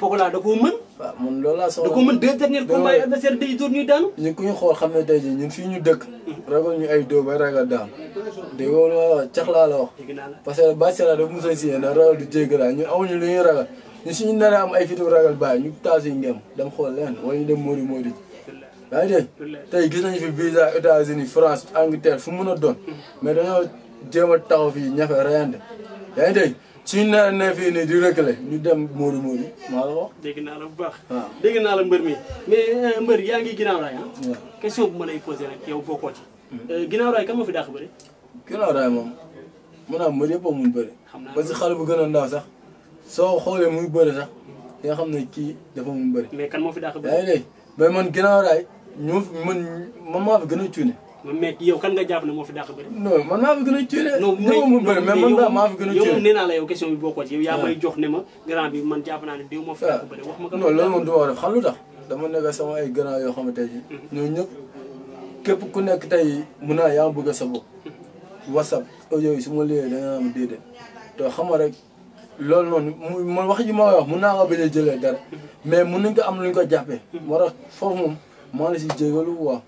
Pokola da mën. loolu laa soxla da koo mën deux derniers combats yi adversaire day daanu. ñun ku ñu xool xam ne tey jii ñun fii ñu dëkk. ragal ñu ay dóor bay ragal daan dégg nga wax. parce que Bacira dafa mos a signé ndax ragal du jéggi ñu ñun amuñu lu suñu nar a am ay fitu ragal bàyyi ñu taas yi ngem dem xool leen wala ñu dem Mori Mori. yaa ngi dégg tey gis nañu fi visa États-Unis France Angleterre fu mën a doon mais dañoo jéem taxaw fii ña reyante yaa ngi dégg suñu naan ne fii nii di rëkkale ñu dem Modou Modou maa la dégg naa la bu baax. waaw naa la mbër mi mais euh, mbër yaa ngi ginaaw raay ah. ma lay posé yow bokkoo ci. Euh, ginnaaw raay kan moo fi dàq bëri. ginnaaw raay moom mun am mbër yëpp a mun bëri. xam naa parce que xale bu gën a ndaw sax soo xoolee muy bëri sax di xam ne kii dafa mun bëri. mais kan moo fi dàq bëri. yaa ngi dégg mais man ginnaaw raay ñu man man maa fi gën a cuune. mais yow kan nga jàpp ne moo fi dàq bëri. non man maa fi a cuune. non mais man maa fi gën a cuune yow moom nee naa la ah. ne ma grand bi man jàpp naa ne diw moo fi dàq bëri wax ma. non loolu moom ma ko def xam lu tax dama sama ay grand yoo xam ne tey jii. Mhm. ñooñu képp ku nekk tey mun naa yaa bëgg sa bopp. Mhm. whatsapp audio yi su ma léegi da nga am déedéet te xam nga rek loolu noonu mu man wax ji ma wax mun naa ko bañ jëlee dara mhm. mais mun nañ ko am luñ ko jàppee. moo tax foofu moom maa la si jégalu mhm. quoi.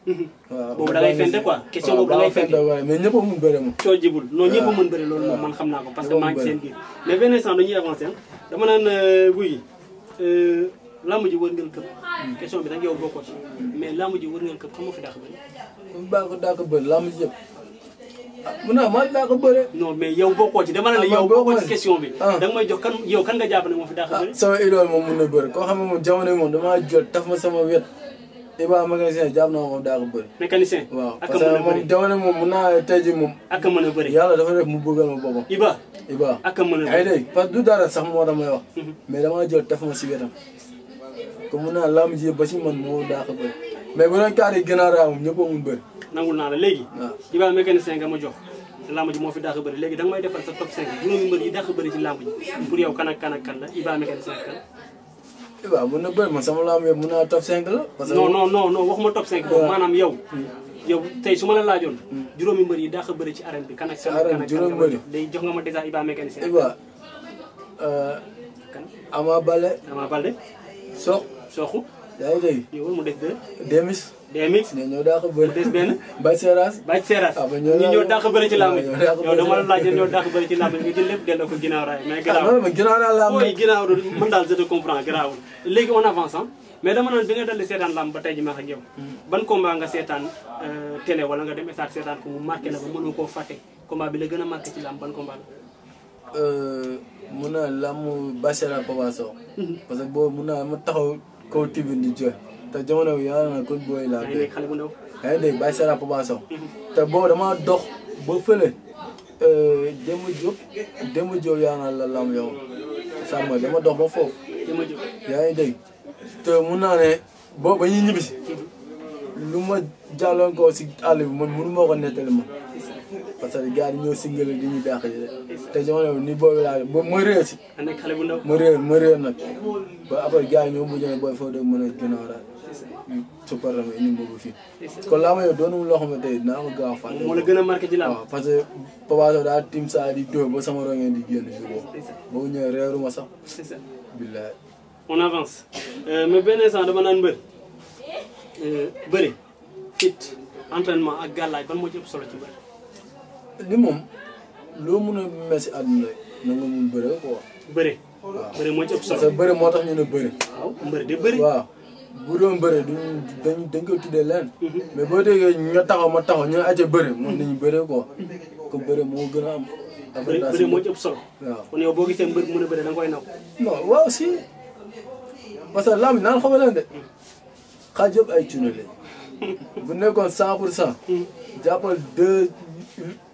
waaw boobu da ngay fente quoi. question mais ñëpp a mun bëre moom. coo jibul ah. moom man xam naa ko parce que maa ngi seen biir. mais benn instant dañuy euh, euh, hmm. bi nag yow bokkoo ci mais lamb ji wërngal këpp xam nga fi dàq bëri. ko dàq bëri lamb ji yëpp. Ah, mun naa maa dàq bëre. non mais yow bokkoo ci dama ah, may jox kan yow kan nga jàpp ne moo fi dàq bëri. sama idool moom na bëri koo xam ne moom jamono moom damaa jot taf ma sama wet Iba mécanicien jàpp naa moom daa waaw parce que moom jamono moom mun naa a mën a bëri yàlla dafa mu bëggal ma boppam. Iba Iba ak a parce que du dara sax moo damay wax. Mhm. mais damaa jël taf si wetam. comme mun naa ba si man mais bu a raa moom ñëpp mun bëri. nangul naa la léegi. waaw Iba mécanicien nga ma jox. lamb ji moo fi dàq bëri léegi danga may defal sa top 5 juróomi mbër bëri ci lamb ji pour yow kan ak kan ak kan la Iba mécanicien kan iba mën a bëri man sama laam yëpp mën a top 5 la. parce non non non non waxuma top 5 boobu maanaam yow. yow tey su ma la laajoon. juróomi mbër yi daa ko bëri ci RNB kan ak seen. RNB juróomi mbër yi day jox nga ma dèjà iba mécanicien. Eh, iba kan. ama balle. ama balle. sox. soxu yaw day yow mu def de demis demis ne ñoo da xabeul des ben bay seras bay seras ñi ñoo da xabeul ci lamb yow dama la laaj ñoo da xabeul ci lamb ñu di lepp del ko ginaaw raay mais graaw non mais ginaaw na lamb oui ginaaw do man dal je te comprends graaw legui on avance hein mais dama non bi nga dalé sétane lamb ba tay ji ma xak yow ban combat nga sétane euh télé wala nga dem état sétane ko mu marqué la ba mënu ko faté combat bi la gëna marqué ci lamb ban combat la euh mëna lamb bassera mhm. pavaso parce que bo mëna ma taxaw kaw tibin di jooy te jamono bi yàlla na ko booy laa dégg yaa ngi dégg bàyyi sera Papa Sow te boobu damaa dox ba fële Demba Diop Demba Diop yaa na la lam yow sàmm dama dox ba foofu yaa ngi dégg te mun naa ne ba ñuy ñibbisi lu ma jàlloon ko si àll bi man mënu moo ko nettali ma parce que gars yi ñoo singal di ñu dàq ji te jamono ni boobu ma réer si. ma réer ma réer nag ba après ñoo mujj ne booy foofu de mën a ginnaaw daal super la kon laa ma yow doonul loo xamante ne naa ko gaaw a fàtte. moo a marqué ji la waaw parce que Papa tim saa di dóor ba sama rongeen di génn si boobu. ba mu ñëwee réeru ma sax. billaay. li moom loo mun a mel si àdduna rek na nga mun bëre moo ci solo. parce moo tax ñu ne bëre. waaw mbër de bëre. waaw bu doon bëre du dañ dañ ko tuddee leen. Mhm. mais boo déggee ña taxaw ma taxaw ñu àcc bëre. mën ko bëre moo gën a am. bëre bëre moo ci ëpp solo. waaw kon boo gisee mbër mën da nga koy naw. non waaw parce que lamb naan xamal leen de mhm. xaaj yëpp ay cunale bu nekkoon 100 pour 100. Mhm. jàppal deux.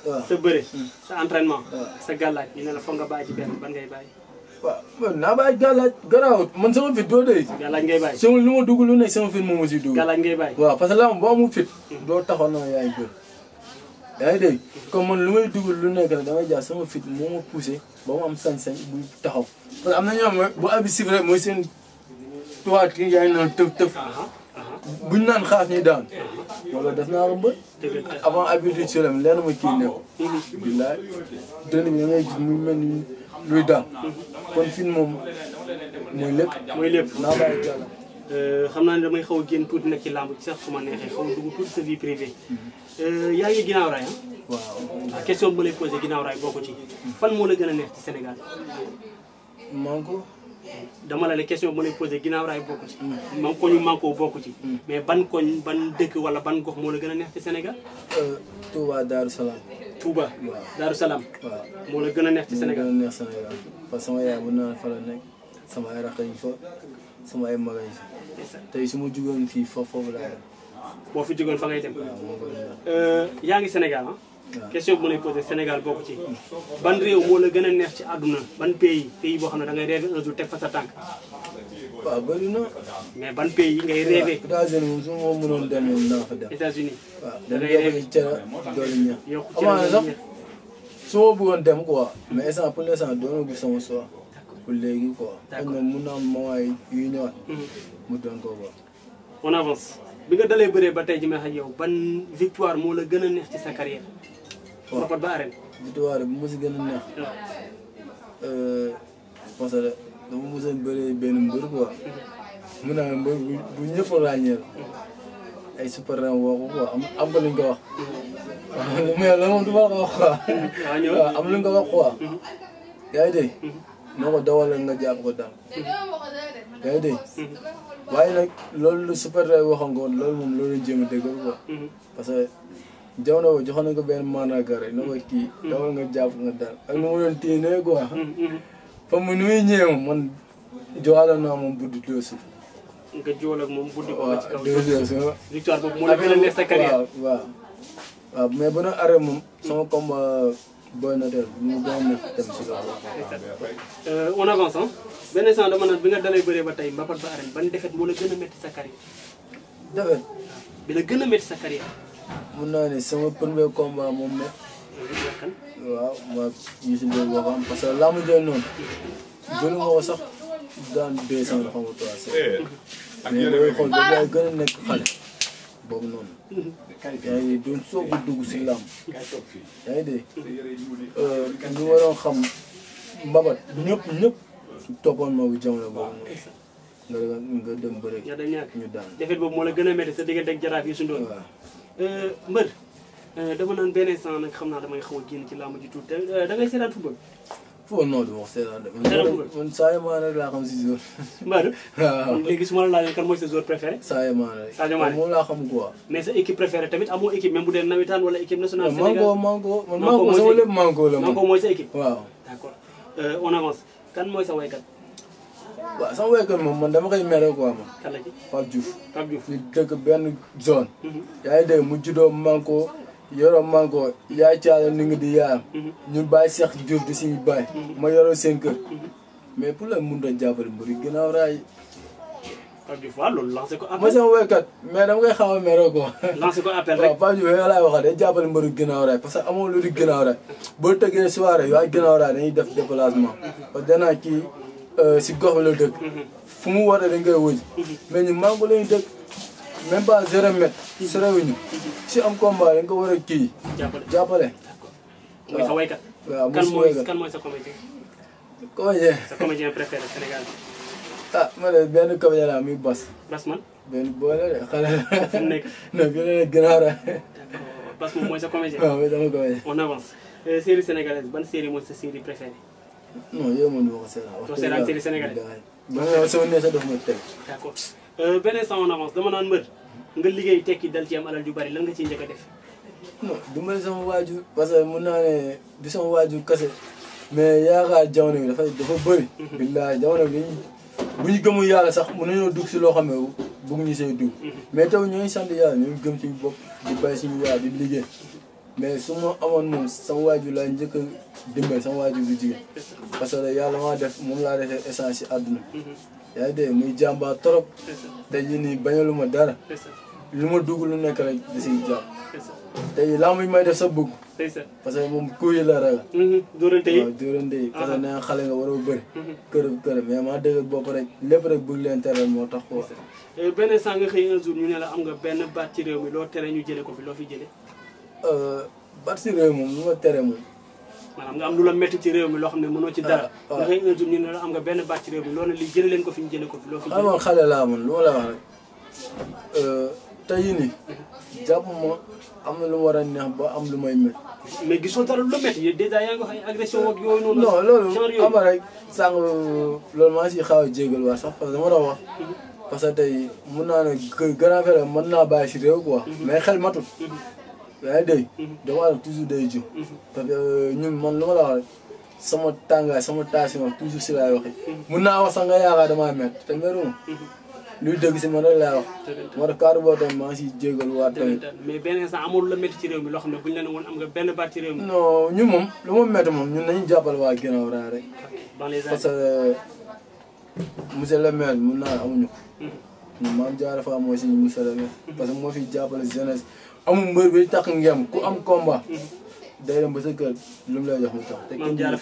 Ah. sa bëri hmm. sa entraînement ah. sa galaj lah. ñu ne la fo nga bàyyi ci benn ban ngay bàyyi man naa bàyyi galaj garaaw man sama fit doo dee. galaj ngay bàyyi sama lu ma dugg lu ne sama fit moo ma siy dugg. galaj ngay bàyyi waaw parce que laa boo mu fit. doo taxaw noonu yaay jël yaay dégg comme man lu may dugg lu nekk la damay jaar sama fit moo ma poussé ba mu am sañ-sañ bu taxaw. parce que am na ñoom bu abisif rek mooy seen tuwaat kii yaay naan tëf-tëf. buñ naan xaas ñuy daan wala def naa ko avant avant habitude selem lenn ma kii nekk billaay dënn bi da ngay gis muy mel ni luy daan kon fin moom mooy lépp mooy lépp naa bàyyi jàll euh, xam naa ne damay xaw a génn tuuti nag ci làmb ci sax su ma neexee xaw a dugg tuuti sa vie privée euh, yaa ngi ginnaaw raay ah waaw ah, question bu ma lay posé ginnaaw boo ko ci fan moo la gën a neex ci Sénégal dama la ne question bu ma lay posé ginnaaw raay bokku ci. man koñu manko bokku ci. mais ban koñ ban dëkk wala ban gox moo la gën a neex ci Sénégal. Euh, Touba Darou Salaam. Touba. waaw Darou Salaam. waaw moo la gën a neex ci Sénégal moo parce que sama yaay bu naan fa la nekk sama ay rakk yi fa sama ay mag yi fa tey su ma jugoon fii foofu la bo fi jógoon fa ngay dem euh yaangi Sénégal hein question bu lay poser Sénégal bokk ci ban rew mo la gëna neex ci aduna ban pays pays bo xam da ngay rêver un jour tek fa sa tank waaw bari na mais ban pays ngay rêver États-Unis moom su ma mënoon dem na fa dem États-Unis da ngay rêver ci cere doolu ñax ci cere sax su ma bëggoon dem quoi mais instant pour l'instant doona gis sama so pour léegi quoi d'accord mun naa moy moment yi ñëwaat mu don ko quoi on avance bi nga dalee bëree ba tey ji may xaj yow ban victoire moo la gën a neex ci sa carrière. waaw ba arène. victoire bi mu si gën a neex. Euh, parce que dama mos a bëree benn mbër quoi. Mhm. mu ne mbër bu bu mhm. ko quoi ko wax. Mhm. ko wax quoi. waaw am luñ ko wax quoi. yaa ngi dawal nga jàpp ko daal. yaa ngi waaye nag loolu lu super waxoon nga loolu moom loolu jéem a déggal quoi. Mhm. parce que jamono boobu joxoon ko benn maanaam kii. dawal nga jàpp nga daal ak nu mu doon téye quoi. Mhm, mhm. fa mu nu muy man joxaloon naa moom buddi doo nga joxal moom buddi ko. waaw waaw waaw waaw mais bu moom. sama combat. Euh, on avance ah. benn sens dama naan bi nga dalay bëree ba tey mbapat ba arène ban defet moo la gën a métti sa carrière. defet. bi la gën a métti sa carrière. mun naa ne sama premier combat moom la. waaw ma ñu si doon waxam parce que laa mu jël noonu. jëlu ma ko daan deux cent xaw ma trois cent. Eh, mais booy xool da ngay gën a nekk xale. boobu noonu. yaa ngi doon soog dugg si làmb. yaa ngi dégg euh, ñu waroon xam mbabat ñëpp ñëpp toppoon ma bu jamono boobu noonu. nga nga dem bëri. ñu daan defet boobu moo la gën a métti sa diggante ak jaraaf yi su doon mbër euh, dama naan benn instant nag xam naa damay xaw a génn ci làmb ji tuuti euh, da ngay seetaan foo noo du ma wax César de. rek laa xam si joueur. Mbadou. waaw sa joueur préféré. Sadio moom laa xam quoi. mais sa équipe préférée tamit amoo équipe même bu dee nawetaan wala équipe nationale. Sénégal Manko Manko man Manko sama lépp Manko la. Manko mooy sa équipe waaw. d'accord euh, on avance kan mooy sa waykat. waaw sama waykat moom man dama koy mere quoi man. yoro manko yaay caala ni di yaayam mhm. ñun bàyyi Cheikh Diouf di suñu bàyyi mhm. ma yoroo seen kër mhm. mais pour la mun doon jàppale mbëri gannaaw raay Pape Diouf waaw loolu lancé ko ma sama wéykat mais dama koy xamal mais ko lancé ko appel rek waaw Pape Diouf yooyu laay waxal day jàppale mbëri gannaaw raay parce que amoo lu di gannaaw yoo ak gannaaw raay dañuy def déplacement parce que danaa kii euh, si gox bi dëkk fu mu war a dañ wëj mais ñu mango lañu dëkk même pas zéro mètre. sorewuñu si am combat dañ ko war a kii. jàppale jàppale. mooy sa sa comédien. ah ma ne benn comédien laa muy Bas. Bas benn boole de xale. fu mu nekk non bi la nekk gannaaw la. d'accord Bas moom mooy sa comédien. waaw mooy sama comédien. on avance. Euh, série sénégalaise ban série mooy sa série préférée. non yow man du ma ko seetaan. teg. Euh, beneen sama en avance dama naan mbër nga liggéey tekki dal ci am alal ju bari langa nga ciy njëkk a def. non du sama waajur parce que mun naa ne du sama waajur kase mais yaakaar jamono bi dafa dafa bëri. Mhm. billaay jamono bi bu ñu gëmu yàlla sax mën nañoo dugg si loo xam ne bëgg ñu see dugg. Mhm. mais taw ñooy sant ñu gëm suñu bopp di bay suñu yaay di liggéey mais su ma amoon moom sama waajur laa njëkk a dimbali sama waajur bu jigéen. parce que yàlla maa def moom laa defee essence si àdduna. yaa ngi muy jàmbaar trop. tey jii nii bañalu ma dara. lu ma dugg lu nekk rek da siy jàpp. tey lamb yi may def sa bëgg. parce que moom ku yi la ragal. Mm-hmm. dóorante yi waaw dóorante yi parce ah. xale nga war a bëri. Mm-hmm. kërëb kërëb mais maa dëgg bopp rek lépp rek bëgg leen teral moo tax quoi. Eh, benn saa nga xëy un jour ñu ne la am nga benn baat ci réew mi loo tere ñu jëlee ko fi loo fi jëlee. Euh, baat ci réew moom lu ma tere moom. maanaam nga am lu la metti ci réew mi loo xam ne mënoo ci dara ah, ah. nga xëy un jour ñu ne la am nga benn baat ci réew mi loolu lii jële leen ko fi ñu jële ko fi loo fi amoon xale laa amoon lu ma la wax rek euh, tey nii mhm. jàpp ma am na lu war a neex ba am lu may métti mais gisoo dara lu la métti yéen dèjà yaa ngi wax ay agression ak yooyu noonu non loolu xam nga rek sànq loolu maa ngi siy xaaw a jégal waa sax parce que dama doon wax mhm. parce que tey mun naa ne grand frère mën naa bàyyi si réew quoi mhm. mais xel matul yaa ngi dégg. Mhm. doomu aadama toujours day jiw. Mhm. parce que euh, ñun man lu ma la wax sama tàngaay sama tension toujours si laay waxee. Mhm. mun naa wax sax nga yaakaar damaa métti te meruma. luy dëgg si man rek laa wax. moo tax cadre boobu tamit maa ngi siy jégalu waa mais benn amul la métti ci réew mi loo ne bu ñu la woon am nga benn baat ci réew ñun moom lu ma métti moom ñun nañu jàppale waa ginnaaw raay rek. parce que monsieur le maire mun naa amuñu ko. ñun maam jaara fa mooy suñu monsieur le parce que moo fi jàppale jeunesse. amul mbër bi takk ngem ku am combat. day dem ba sa kër lu mu lay jox mu tax.